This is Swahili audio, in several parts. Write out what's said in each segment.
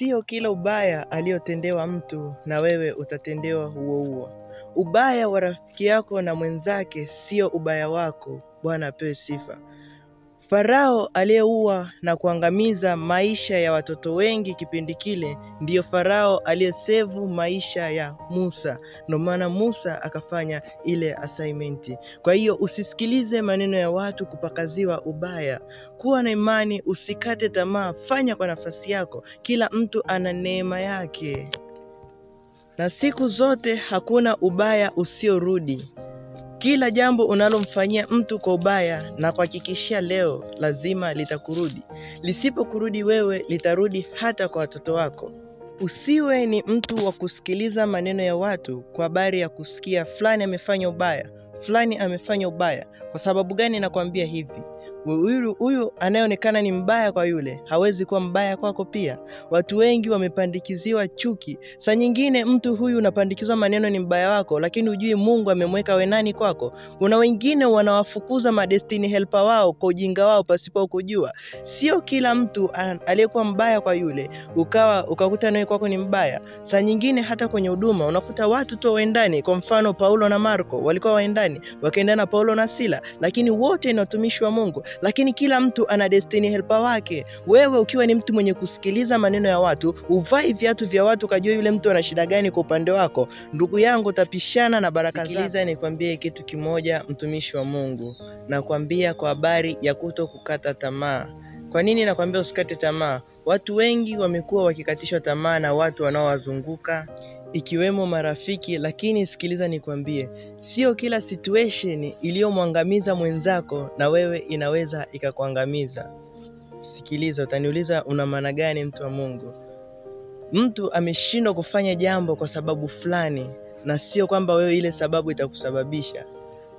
Sio kila ubaya aliyotendewa mtu na wewe utatendewa huo huo. Ubaya wa rafiki yako na mwenzake sio ubaya wako. Bwana apewe sifa. Farao aliyeua na kuangamiza maisha ya watoto wengi kipindi kile ndiyo Farao aliyesevu maisha ya Musa. Ndio maana Musa akafanya ile assignment. Kwa hiyo usisikilize maneno ya watu kupakaziwa ubaya. Kuwa na imani, usikate tamaa, fanya kwa nafasi yako. Kila mtu ana neema yake, na siku zote hakuna ubaya usiorudi. Kila jambo unalomfanyia mtu kwa ubaya na kuhakikishia leo lazima litakurudi. Lisipokurudi wewe, litarudi hata kwa watoto wako. Usiwe ni mtu wa kusikiliza maneno ya watu kwa habari ya kusikia fulani amefanya ubaya, fulani amefanya ubaya. Kwa sababu gani nakwambia hivi? Huyu anayeonekana ni mbaya kwa yule hawezi kuwa mbaya kwako pia. Watu wengi wamepandikiziwa chuki. Saa nyingine mtu huyu unapandikizwa maneno ni mbaya wako, lakini hujui Mungu amemweka wenani kwako. Kuna wengine wanawafukuza madestiny helper wao kwa ujinga wao pasipo kujua. Sio kila mtu aliyekuwa mbaya kwa yule ukawa ukakuta naye kwako ni mbaya. Saa nyingine hata kwenye huduma unakuta watu tu waendani. Kwa mfano Paulo na Marko walikuwa waendani, wakaendana Paulo na Sila, lakini wote ni watumishi wa Mungu lakini kila mtu ana destiny helper wake. Wewe ukiwa ni mtu mwenye kusikiliza maneno ya watu, uvai viatu vya watu, kajua yule mtu ana shida gani kwa upande wako, ndugu yangu, utapishana na baraka. Sikiliza nikwambie kitu kimoja, mtumishi wa Mungu, nakwambia kwa habari ya kuto kukata tamaa. Kwa nini nakwambia usikate tamaa? Watu wengi wamekuwa wakikatishwa tamaa na watu wanaowazunguka ikiwemo marafiki. Lakini sikiliza nikwambie, sio kila situation iliyomwangamiza mwenzako na wewe inaweza ikakuangamiza. Sikiliza, utaniuliza una maana gani, mtu wa Mungu? Mtu ameshindwa kufanya jambo kwa sababu fulani, na sio kwamba wewe ile sababu itakusababisha.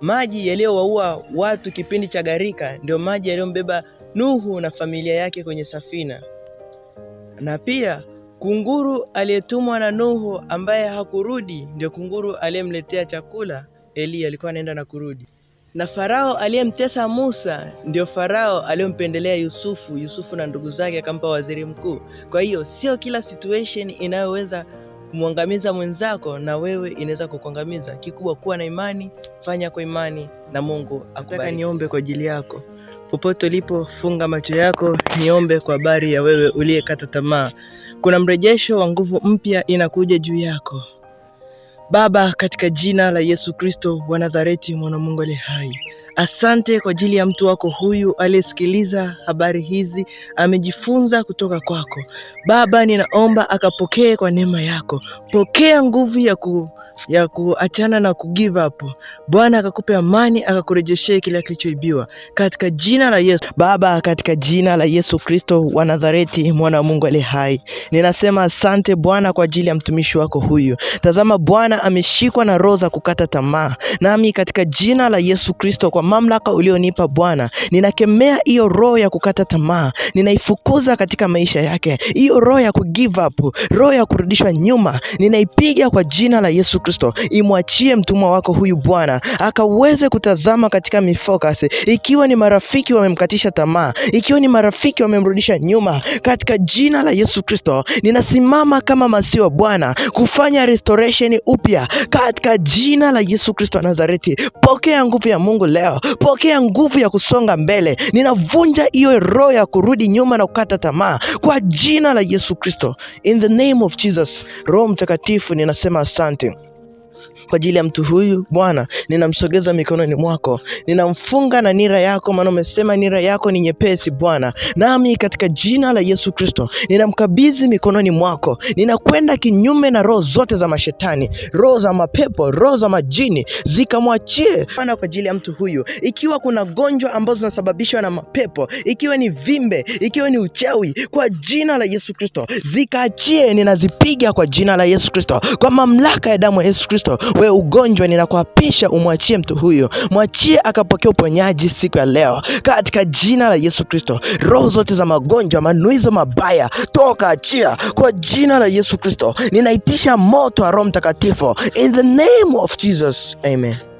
Maji yaliyowaua watu kipindi cha garika ndio maji yaliyombeba Nuhu na familia yake kwenye safina, na pia Kunguru aliyetumwa na Nuhu ambaye hakurudi ndio kunguru aliyemletea chakula Eliya, alikuwa anaenda na kurudi. Na Farao aliyemtesa Musa ndio Farao aliyompendelea Yusufu, Yusufu na ndugu zake akampa waziri mkuu. Kwa hiyo sio kila situation inayoweza kumwangamiza mwenzako na wewe inaweza kukuangamiza. Kikubwa kuwa na imani, fanya kwa imani na Mungu akubariki. Nataka niombe kwa ajili yako popote ulipo, funga macho yako, niombe kwa habari ya wewe uliyekata tamaa. Kuna mrejesho wa nguvu mpya inakuja juu yako. Baba, katika jina la Yesu Kristo wa Nazareti, mwana Mungu aliye hai Asante kwa ajili ya mtu wako huyu aliyesikiliza habari hizi, amejifunza kutoka kwako. Baba, ninaomba akapokee kwa neema yako. Pokea nguvu ya ku ya kuachana na kugive up. Bwana akakupe amani, akakurejeshee kile kilichoibiwa katika jina la Yesu. Baba, katika jina la Yesu Kristo wa Nazareti, mwana wa Mungu aliye hai, ninasema asante Bwana kwa ajili ya mtumishi wako huyu. Tazama Bwana, ameshikwa na roho za kukata tamaa, nami katika jina la Yesu Kristo kwa kwa mamlaka ulionipa Bwana, ninakemea hiyo roho ya kukata tamaa, ninaifukuza katika maisha yake, hiyo roho ya ku give up, roho ya kurudishwa nyuma, ninaipiga kwa jina la Yesu Kristo. Imwachie mtumwa wako huyu Bwana akaweze kutazama katika mifokasi, ikiwa ni marafiki wamemkatisha tamaa, ikiwa ni marafiki wamemrudisha nyuma, katika jina la Yesu Kristo ninasimama kama masiwa Bwana kufanya restoration upya katika jina la Yesu Kristo wa Nazareti. Pokea nguvu ya Mungu leo leo. Pokea nguvu ya kusonga mbele. Ninavunja hiyo roho ya kurudi nyuma na kukata tamaa kwa jina la Yesu Kristo, in the name of Jesus. Roho Mtakatifu, ninasema asante kwa ajili ya mtu huyu. Bwana, ninamsogeza mikononi mwako, ninamfunga na nira yako, maana umesema nira yako ni nyepesi Bwana. Nami katika jina la Yesu Kristo ninamkabidhi mikononi mwako, ninakwenda kinyume na roho zote za mashetani, roho za mapepo, roho za majini, zikamwachie Bwana kwa ajili ya mtu huyu. Ikiwa kuna gonjwa ambazo zinasababishwa na mapepo, ikiwa ni vimbe, ikiwa ni uchawi, kwa jina la Yesu Kristo zikaachie, ninazipiga kwa jina la Yesu Kristo, kwa mamlaka ya damu ya Yesu Kristo We ugonjwa, ninakuapisha umwachie mtu huyo, mwachie akapokea uponyaji siku ya leo katika jina la Yesu Kristo. Roho zote za magonjwa, manuizo mabaya, toka, achia kwa jina la Yesu Kristo. Ninaitisha moto wa Roho Mtakatifu in the name of Jesus, amen.